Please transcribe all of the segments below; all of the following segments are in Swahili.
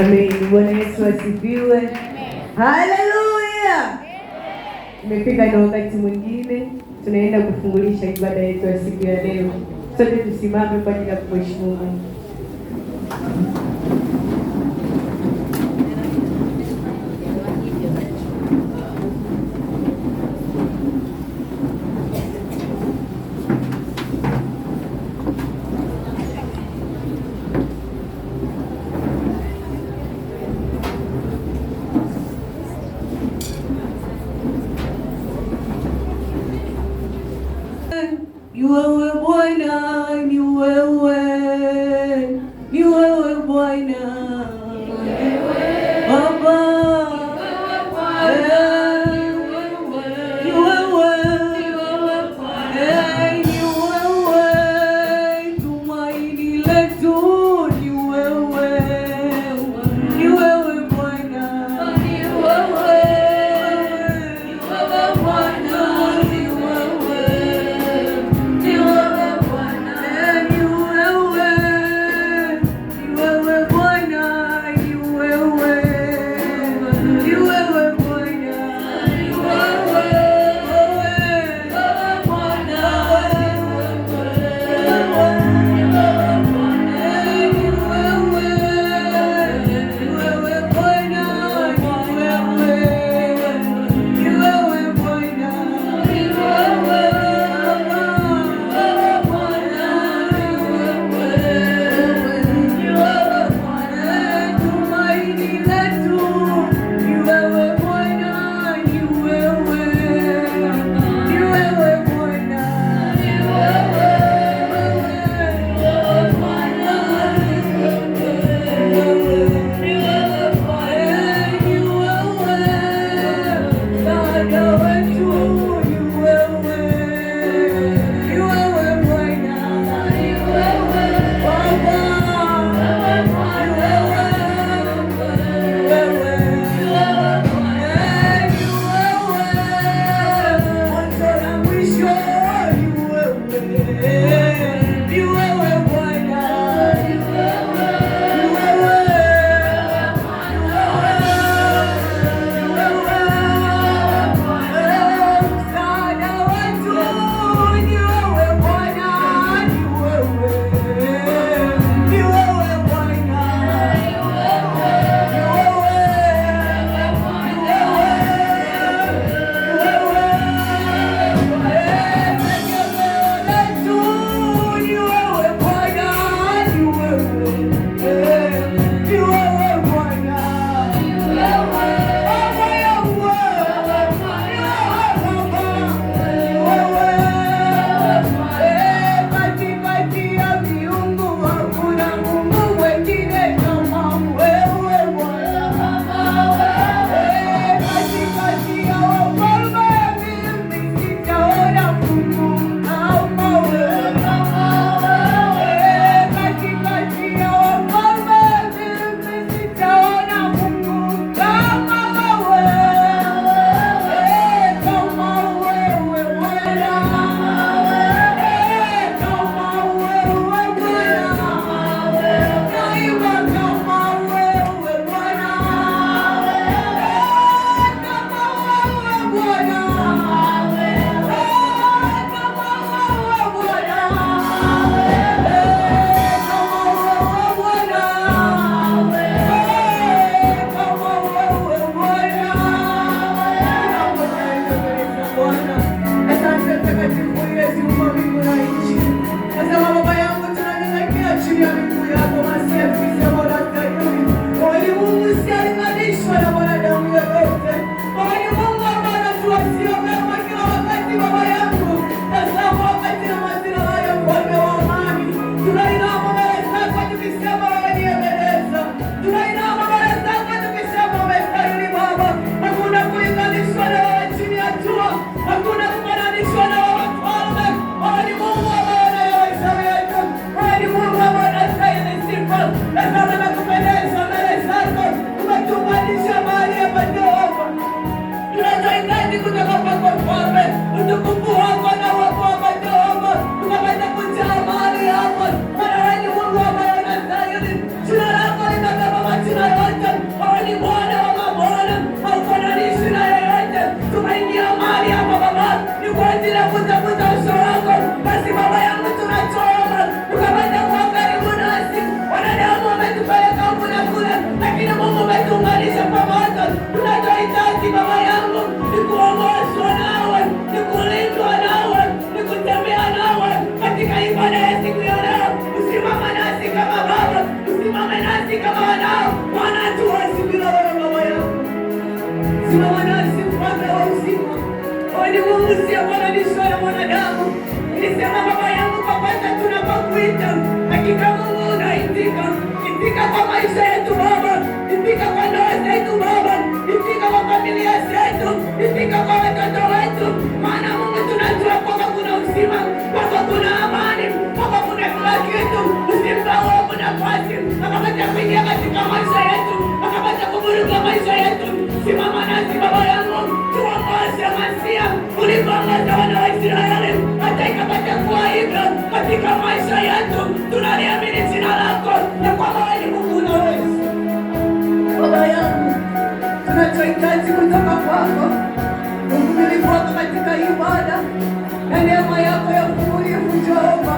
Amina. Bwana Yesu asifiwe. Haleluya. Imefika na wakati mwingine tunaenda kufungulisha ibada yetu ya siku ya leo. Sote tusimame kwa ajili ya kumheshimu Mungu. wewe I knew wewe worry. itika Mungu na itika itika kwa maisha yetu Baba, itika kwa ndoa zetu Baba, itika kwa familia zetu, itika kwa watoto wetu, maana Mungu tunajua kwamba kuna uzima kwako, kuna amani kwako, kuna kila kitu. Usimpa uovu nafasi akapata kuingia katika maisha yetu, akapata kuburuka maisha yetu. Simama nasi Baba yangu, tuongoze Masia ulivyoongoza wana wa Israeli kuaika katika maisha yetu. Tunaliamini jina lako na kwamba wewe ni Mungu unaweza. Baba yangu, tunachohitaji kutoka kwako uvumilivu wako katika ibada na neema yako ya uvumilivu. Jehova,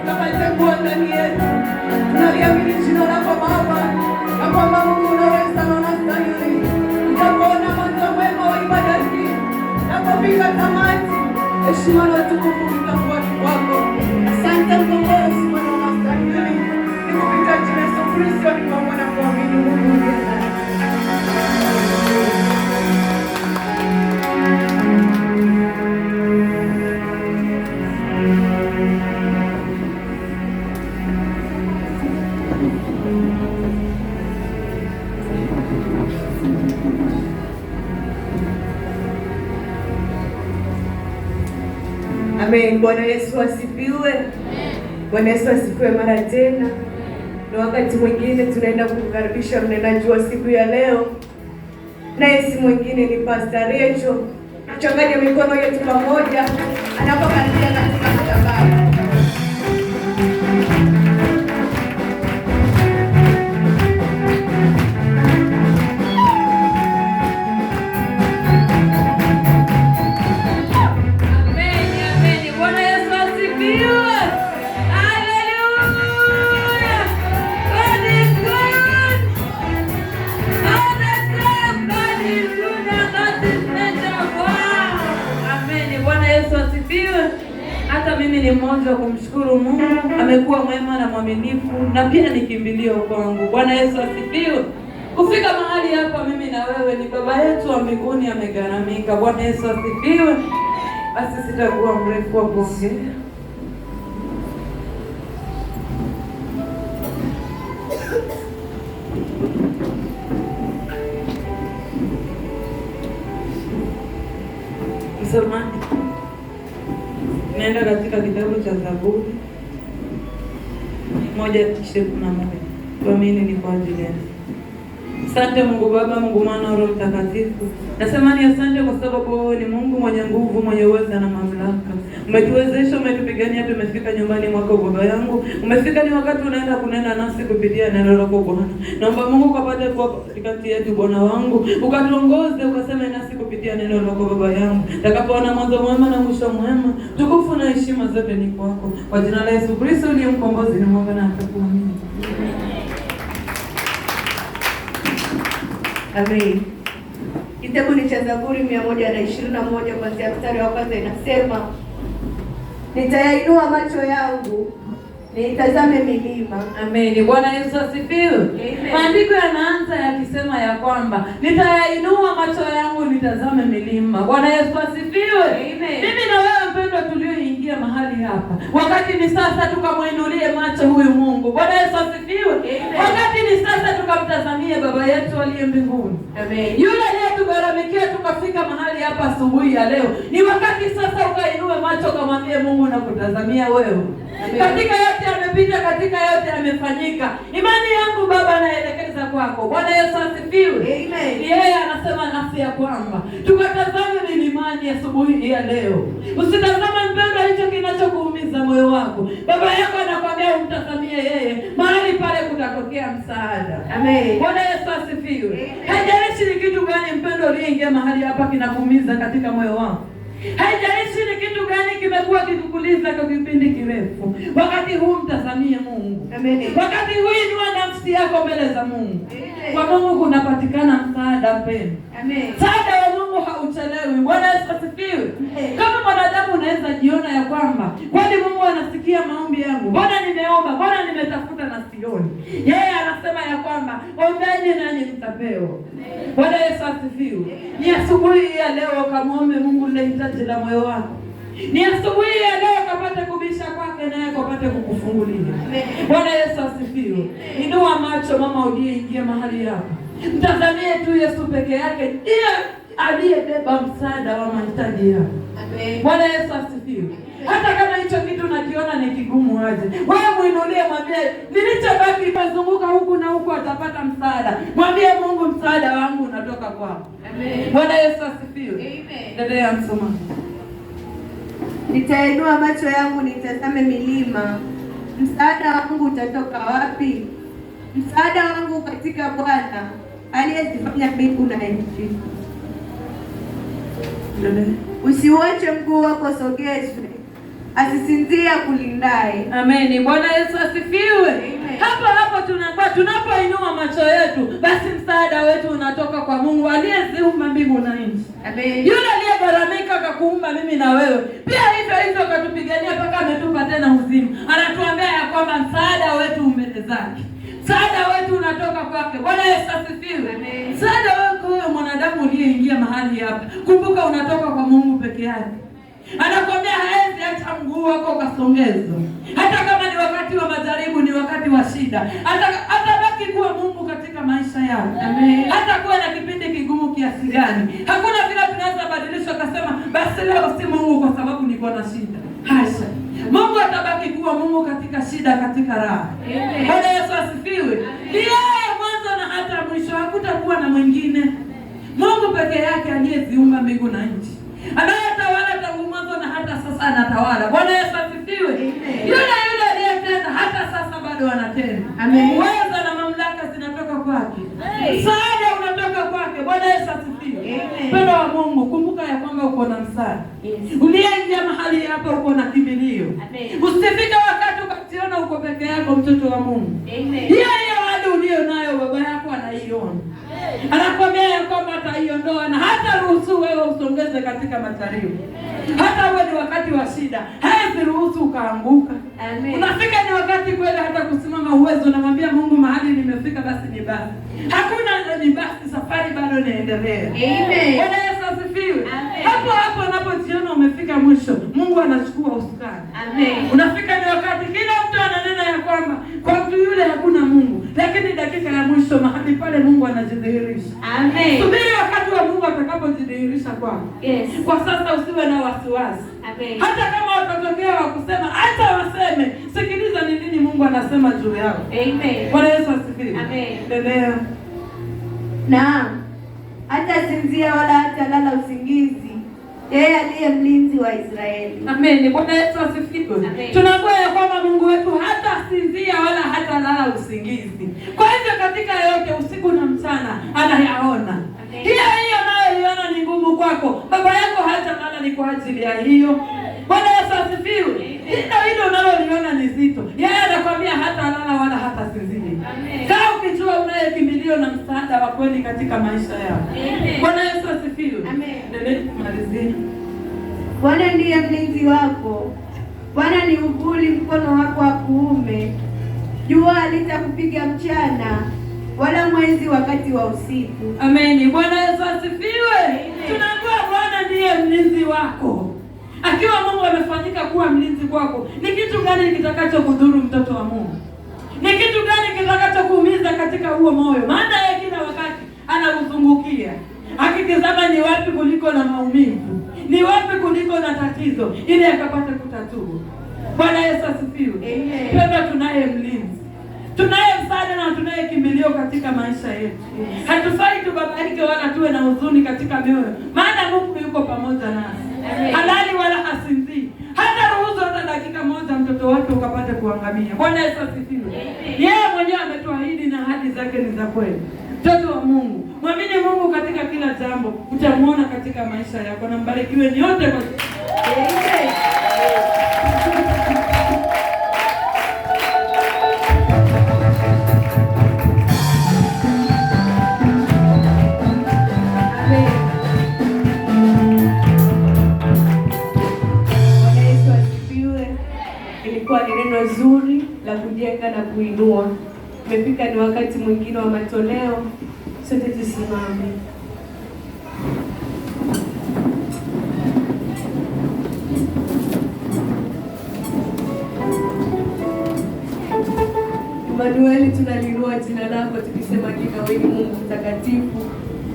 tukapate kuwa ndani yetu. Tunaliamini jina lako Baba na kwamba Mungu unaweza na unastahili. Tutakuona mwanzo mwema wa ibada hii na kupika tamati heshima na utukufu itakuwa essas mulheres quando eu mostrar aquilo. Eu vou ficar a nessa por isso, eu me amo na família, no Amém. Bora, eso así, pido. Bwana Yesu asifiwe mara tena. Na wakati mwingine tunaenda kumkaribisha mnenaji jua siku ya leo, naye si mwingine ni Pastor Recho. Tuchanganye mikono yetu pamoja anapokaribia katika madhabahu. hata mimi ni mmoja wa kumshukuru Mungu, amekuwa mwema na mwaminifu na pia ni kimbilio kwangu. Bwana Yesu asifiwe. Kufika mahali hapa mimi na wewe ni baba yetu wa mbinguni amegharamika. Bwana Yesu asifiwe. Basi sitakuwa mrefu wa kuongea. Msomaji Tunaenda katika kitabu cha Zaburi moja ishirini na moja tuamini ni kwa ajili Asante Mungu Baba, Mungu Mwana, Roho Mtakatifu. Nasema ni asante kwa sababu wewe ni Mungu mwenye nguvu, mwenye uweza na mamlaka. Umetuwezesha, umetupigania, tumefika nyumbani mwako baba yangu. Umefika ni wakati unaenda kunena nasi kupitia neno lako Bwana. Naomba Mungu kapate kwa katikati yetu Bwana wangu, ukatuongoze, ukaseme nasi kupitia neno lako baba yangu. Takapoona mwanzo mwema na mwisho mwema, tukufu na heshima zote ni kwako. Kwa jina la Yesu Kristo ni mkombozi na Mungu na Amen. Kitabu ni cha Zaburi mia moja na ishirini na moja kuanzia mstari wa kwanza inasema, nitayainua macho yangu niitazame milima. Amen. Bwana Yesu asifiwe. Maandiko yanaanza yakisema ya kwamba nitayainua macho yangu nitazame milima. Bwana Yesu asifiwe. Mimi na wewe mpendwa tulio kufikia mahali hapa. Wakati ni sasa tukamwinulie macho huyu Mungu. Bwana Yesu asifiwe. Wakati ni sasa tukamtazamie baba yetu aliye mbinguni. Amen. Yule aliyetugharamikia tukafika mahali hapa asubuhi ya leo, ni wakati sasa ukainu macho kamwambie Mungu nakutazamia wewe. Katika yote amepita, katika yote amefanyika. Imani yangu Baba naelekeza kwako. Bwana Yesu asifiwe. Amen. Yeye anasema nafsi ya kwamba tukatazame milimani asubuhi ya leo. Usitazame mpendo hicho kinachokuumiza moyo wako. Baba yako anakwambia umtazamie yeye, mahali pale kutatokea msaada. Amen. Bwana Yesu asifiwe. Haijalishi ni kitu gani mpendo uliyeingia mahali hapa kinakuumiza katika moyo wako haijaishi ni kitu gani kimekuwa kikukuliza kwa kipindi kirefu, wakati huu mtazamie Mungu. Amen. Wakati huu inua nafsi yako mbele za Mungu. Amen. Kwa Mungu kunapatikana msaada mpendwa. Msaada wa Mungu hauchelewi. Bwana Yesu asifiwe. Kama mwanadamu unaweza jiona ya kwamba kwani Mungu anasikia maombi yangu, mbona nimeomba, bona nimetafuta na sioni? Yeye anasema ya kwamba ombeni nanyi mtapewa. Bwana Yesu asifiwe. Ni asubuhi ya leo ukamwombe Mungu lile hitaji la moyo wako. Ni asubuhi ya leo kapate kubisha kwake naye kapate kukufungulia. Bwana Yesu asifiwe. Inua macho mama, uliyeingia ingia mahali hapa Mtazamie tu Yesu peke yake, ndiye aliyebeba msaada wa mahitaji yao. Bwana Yesu asifiwe. Hata kama hicho kitu nakiona ni kigumu aje, wewe mwinulie, mwambie nilichobaki imezunguka huku na huku, atapata msaada. Mwambie Mungu, msaada wangu unatoka kwako. Bwana Yesu asifiwe. Endelea msomaji. Nitainua macho yangu nitazame milima, msaada wangu utatoka wapi? Msaada wangu katika Bwana aliye zifanya mbingu na nchi. Usiwache mguu wako sogezwe, asisinzia kulindaye. Ameni, Bwana Yesu asifiwe. Hapo hapo tunakuwa tunapoinua macho yetu, basi msaada wetu unatoka kwa Mungu aliyeziumba mbingu na nchi. Amen. Yule aliyegharamika akakuumba mimi na wewe pia hivyo hivyo, akatupigania mpaka ametupa tena uzima. Anatuambia ya kwamba msaada wetu umbele zake Msaada wetu unatoka kwake. Bwana Yesu asifiwe. Msaada wako wewe mwanadamu uliyeingia mahali hapa, kumbuka unatoka kwa Mungu peke yake. Anakwambia haezi hata mguu wako ukasongezwa, hata kama ni wakati wa majaribu, ni wakati wa shida, atabaki kuwa Mungu katika maisha yako, hata kuwa na kipindi kigumu kiasi gani. Hakuna vile tunaweza badilisha, akasema basi leo si Mungu kwa sababu niko na shida. Hasha. Mungu atabaki kuwa Mungu katika shida, katika raha. Bwana Yesu asifiwe. Ni yeye mwanzo na hata mwisho, hakutakuwa na mwingine. Mungu peke yake aliyeziumba mbingu na nchi, anayetawala tangu mwanzo na hata sasa anatawala. Bwana Yesu asifiwe. Yule yule aliyetenda hata sasa bado anatenda. Uweza na mamlaka zinatoka kwake. Mpendo wa Mungu, kumbuka ya kwamba uko na msaada. Yes. Uliyeingia mahali hapa uko na kimbilio. Usifike wakati ukajiona uko peke yako mtoto wa Mungu. Amen. Hiyo wale ulio nayo baba yako anaiona. Anakwambia ya kwamba ataiondoa na hata ruhusu wewe usongeze katika matario. Hata uwe ni wakati wa shida usiruhusu ukaanguka. Unafika ni wakati kweli hata kusimama uwezo unamwambia Mungu mahali nimefika, basi ni basi, hakuna ni basi, safari bado inaendelea. Bwana Yesu asifiwe. Hapo hapo unapojiona umefika mwisho, Mungu anachukua usukani. Unafika ni wakati kila mtu ananena ya kwamba kwa mtu yule hakuna Mungu lakini dakika ya mwisho mahali pale Mungu anajidhihirisha. Amen. Subiri wakati wa Mungu atakapojidhihirisha kwako. Yes. Kwa sasa usiwe na wasiwasi. Amen. Hata kama watatokea wakusema, hata waseme, sikiliza ni nini Mungu anasema juu yao. Amen. Bwana Yesu asifiwe. Amen. Endelea. Naam. Hata sinzia wala hata lala usingizi yeye aliye mlinzi wa Israeli. Amen. Bwana Yesu asifiwe. Tunakuwa ya kwamba Mungu wetu hata sinzia wala hata lala usingizi. Kwa hivyo katika yote, usiku na mchana, anayaona hiyo hiyo nayoiona ni ngumu kwako, baba yako hata lala, ni kwa ajili ya hiyo. Bwana Yesu asifiwe. Hilo hilo unaloliona ni zito, yeye anakwambia hata lala wala ndio na msaada wa kweli katika maisha yao. Bwana Yesu asifiwe. Amen. Endelee kumalizia. Bwana ndiye mlinzi wako, Bwana ni uvuli mkono wako wa kuume. Jua halitakupiga mchana, wala mwezi wakati wa usiku. Amen. Bwana Yesu asifiwe. Tunaambiwa Bwana ndiye mlinzi wako. Akiwa Mungu amefanyika kuwa mlinzi kwako, ni kitu gani kitakacho kudhuru mtoto wa Mungu? Ni kitu gani katika huo moyo, maana yeye kila wakati anauzungukia akitizama ni wapi kuliko na maumivu, ni wapi kuliko na tatizo, ili akapate kutatua. Bwana Yesu asifiwe. Pema, tunaye mlinzi, tunaye msaada na tunaye kimbilio katika maisha yetu. Hatufai tubabaike wala tuwe na huzuni katika mioyo, maana Mungu yuko pamoja nasi, halali wala asi watoto wake ukapata kuangamia. Bwana Yesu asifiwe. Yeye mwenyewe ametuahidi na ahadi zake ni za kweli. Mtoto wa Mungu, mwamini Mungu katika kila jambo, utamwona katika maisha yako. Na mbarikiwe nyote kwa kupika na kuinua. Umepika ni wakati mwingine wa matoleo, sote tusimame. Emanueli, tunalinua jina lako tukisema, hakika wewe ni Mungu mtakatifu.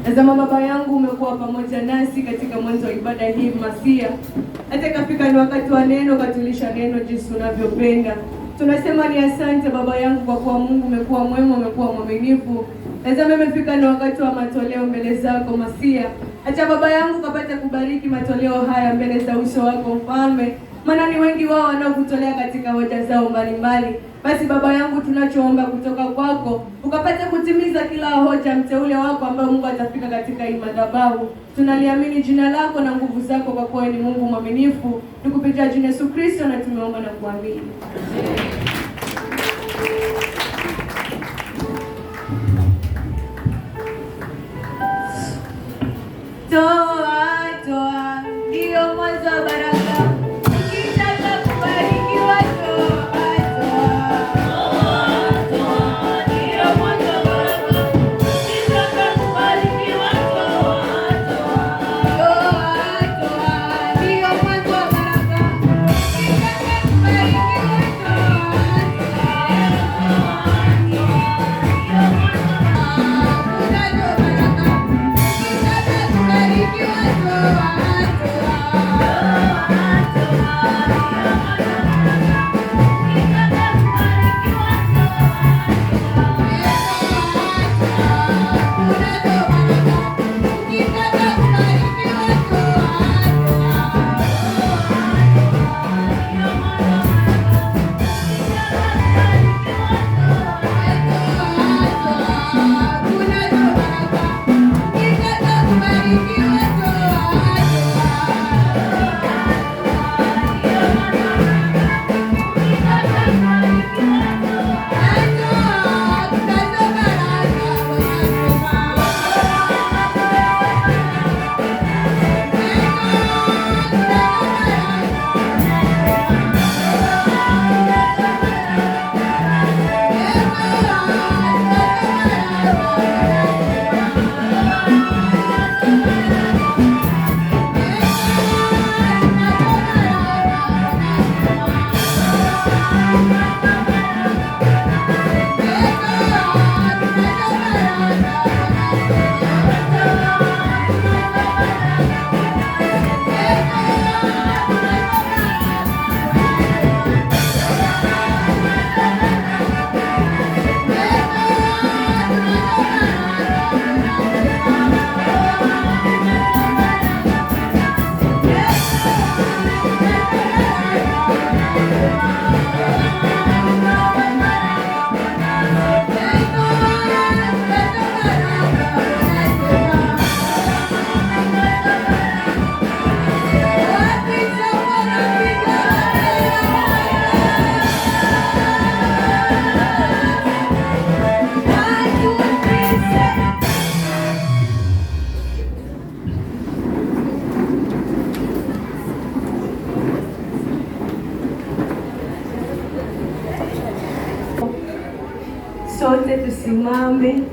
Tazama Baba yangu, umekuwa pamoja nasi katika mwanzo wa ibada hii masia, hata ikafika ni wakati wa neno, ukatulisha neno jinsi unavyopenda. Tunasema ni asante baba yangu kwa kuwa Mungu umekuwa mwema, umekuwa mwaminifu. nazama imefika na wakati wa matoleo mbele zako Masia. Acha baba yangu kapate kubariki matoleo haya mbele za uso wako Mfalme, maana ni wengi wao wanaokutolea katika hoja zao mbalimbali basi Baba yangu, tunachoomba kutoka kwako ukapate kutimiza kila hoja mteule wako ambayo Mungu atafika katika hii madhabahu. Tunaliamini jina lako na nguvu zako, kwa kuwa ni Mungu mwaminifu. kupitia jina Yesu Kristo na tumeomba na kuamini.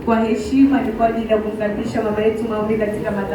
kwa heshima ni kwa ajili ya kumkaribisha mama yetu Maombi katika madhabahu.